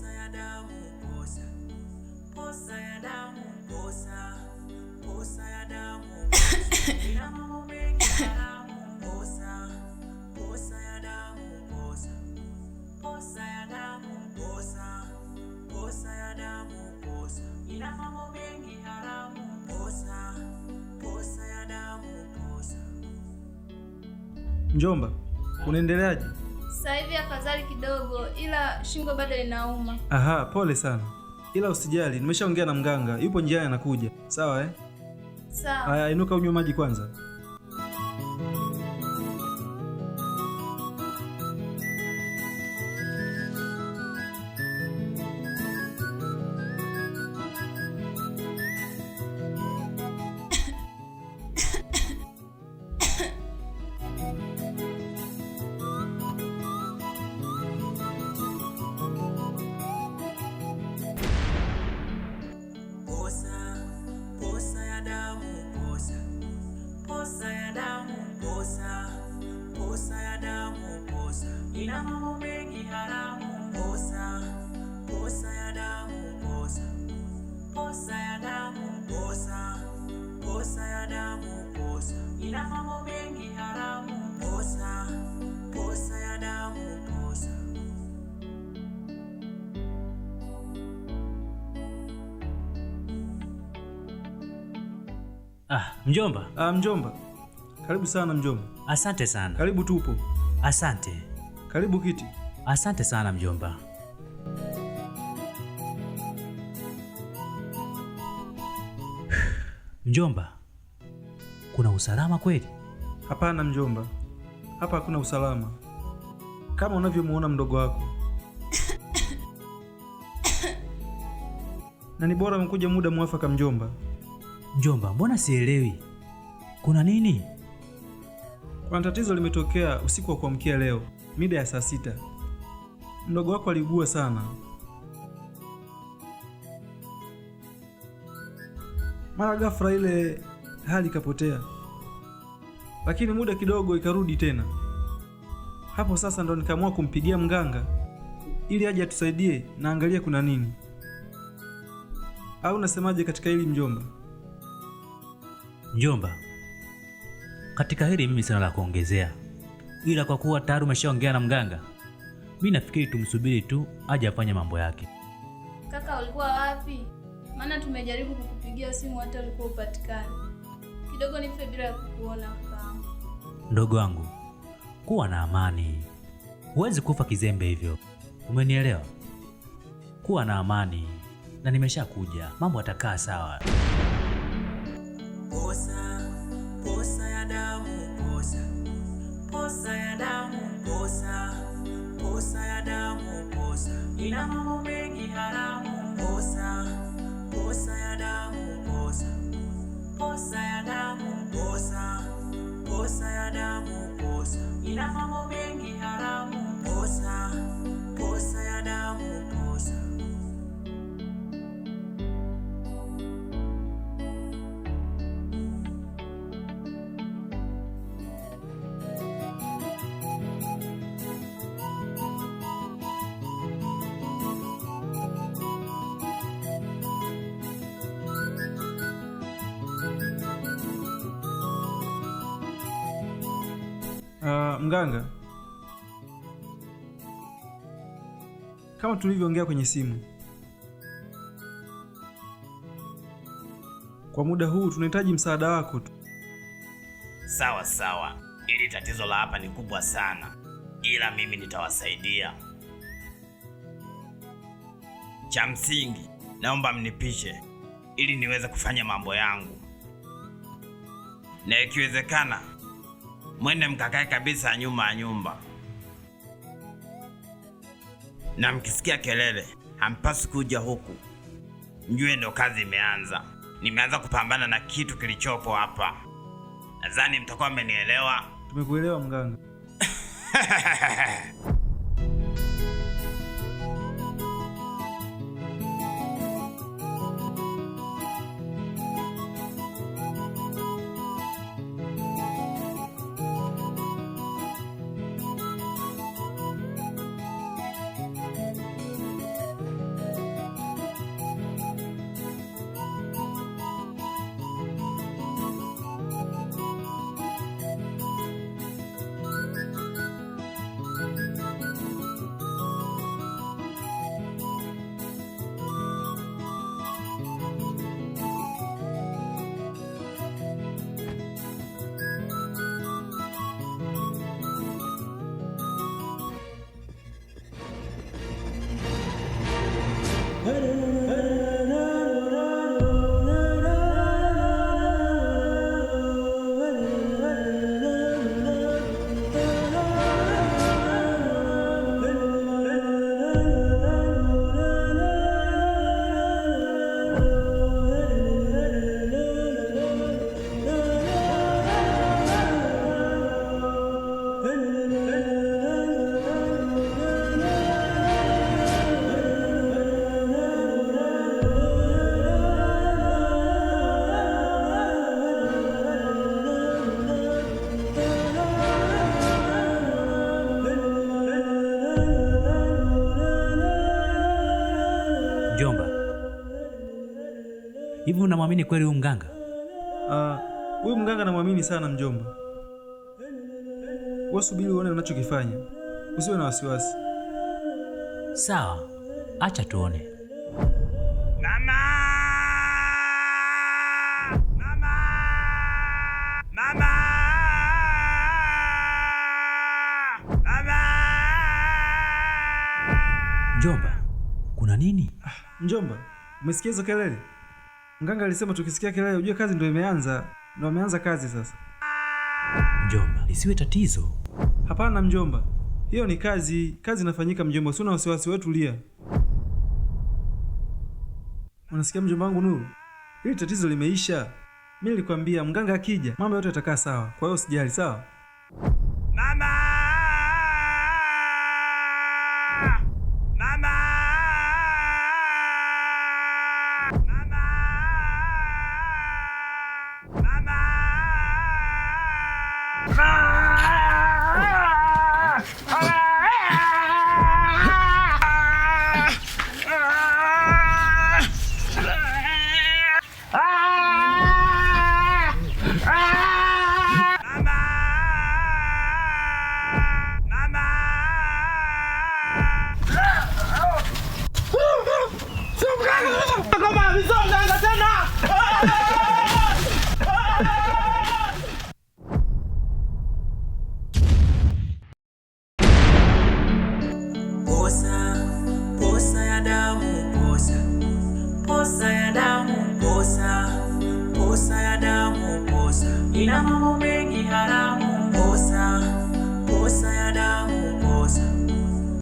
Posa ya damu posa, posa ya damu posa, posa ya damu ina mambo mengi posa, posa ya damu posa, posa ya damu posa, posa ya damu posa ina mambo mengi haramu posa, posa ya damu posa. unaendeleaje? Sasa hivi afadhali kidogo, ila shingo bado inauma. Aha, pole sana, ila usijali, nimeshaongea na mganga, yupo njiani anakuja. Sawa eh? Sawa. Haya, inuka unywe maji kwanza. ina mambo mengi haramu, posa posa ya damu, posa ah, mjomba. Ah, mjomba, karibu sana mjomba. Asante sana. Karibu tupo. Asante. Karibu kiti. Asante sana mjomba. Mjomba, kuna usalama kweli? Hapana mjomba, hapa hakuna usalama kama unavyomuona mdogo wako na ni bora mkuja muda mwafaka mjomba. Mjomba, mbona sielewi kuna nini? Kuna tatizo limetokea usiku wa kuamkia leo mida ya saa sita. Mdogo wako aliugua sana, mara ghafla ile hali ikapotea, lakini muda kidogo ikarudi tena. Hapo sasa ndo nikaamua kumpigia mganga ili aje atusaidie na angalia kuna nini, au nasemaje katika hili mjomba? Mjomba, katika hili mimi sina la kuongezea, ila kwa kuwa tayari umeshaongea na mganga, mi nafikiri tumsubiri tu aje afanye mambo yake. Kaka, ulikuwa wapi? Maana tumejaribu kukupigia simu hata ulikuwa upatikani kidogo nife bila kukuona kama. Ndogo wangu, kuwa na amani, huwezi kufa kizembe hivyo, umenielewa? Kuwa na amani, na nimeshakuja, mambo yatakaa sawa. Posa, posa ya damu, posa, posa ya damu, posa, posa ya damu, posa, ina mambo mengi haramu, posa, posa ya Nada me Uh, mganga, kama tulivyoongea kwenye simu, kwa muda huu tunahitaji msaada wako tu. Sawa sawa, ili tatizo la hapa ni kubwa sana, ila mimi nitawasaidia. Cha msingi, naomba mnipishe ili niweze kufanya mambo yangu, na ikiwezekana mwende mkakae kabisa nyuma ya nyumba, na mkisikia kelele hampasi kuja huku, mjue ndo kazi imeanza. Nimeanza kupambana na kitu kilichopo hapa. Nadhani mtakuwa mmenielewa. Tumekuelewa mganga. hivi unamwamini kweli huyu mganga? Ah, huyu uh, mganga namwamini sana mjomba. Wewe subiri uone unachokifanya, usiwe na wasiwasi. Sawa, acha tuone. Mama! Mama! Mama! Mama! Mjomba, kuna nini? Ah, mjomba, umesikia hizo kelele? Mganga alisema tukisikia kelele ujue kazi ndio imeanza, ndio ameanza kazi sasa. Mjomba, isiwe tatizo. Hapana mjomba, hiyo ni kazi, kazi inafanyika mjomba, usina wasiwasi wewe, tulia. Unasikia mjomba wangu Nuru, hili tatizo limeisha. Mimi nilikwambia mganga akija mambo yote yatakaa sawa, kwa hiyo usijali, sawa mama. Posa, posa ya damu, posa. Posa ya damu, posa. Posa ya damu, posa. Ina mambo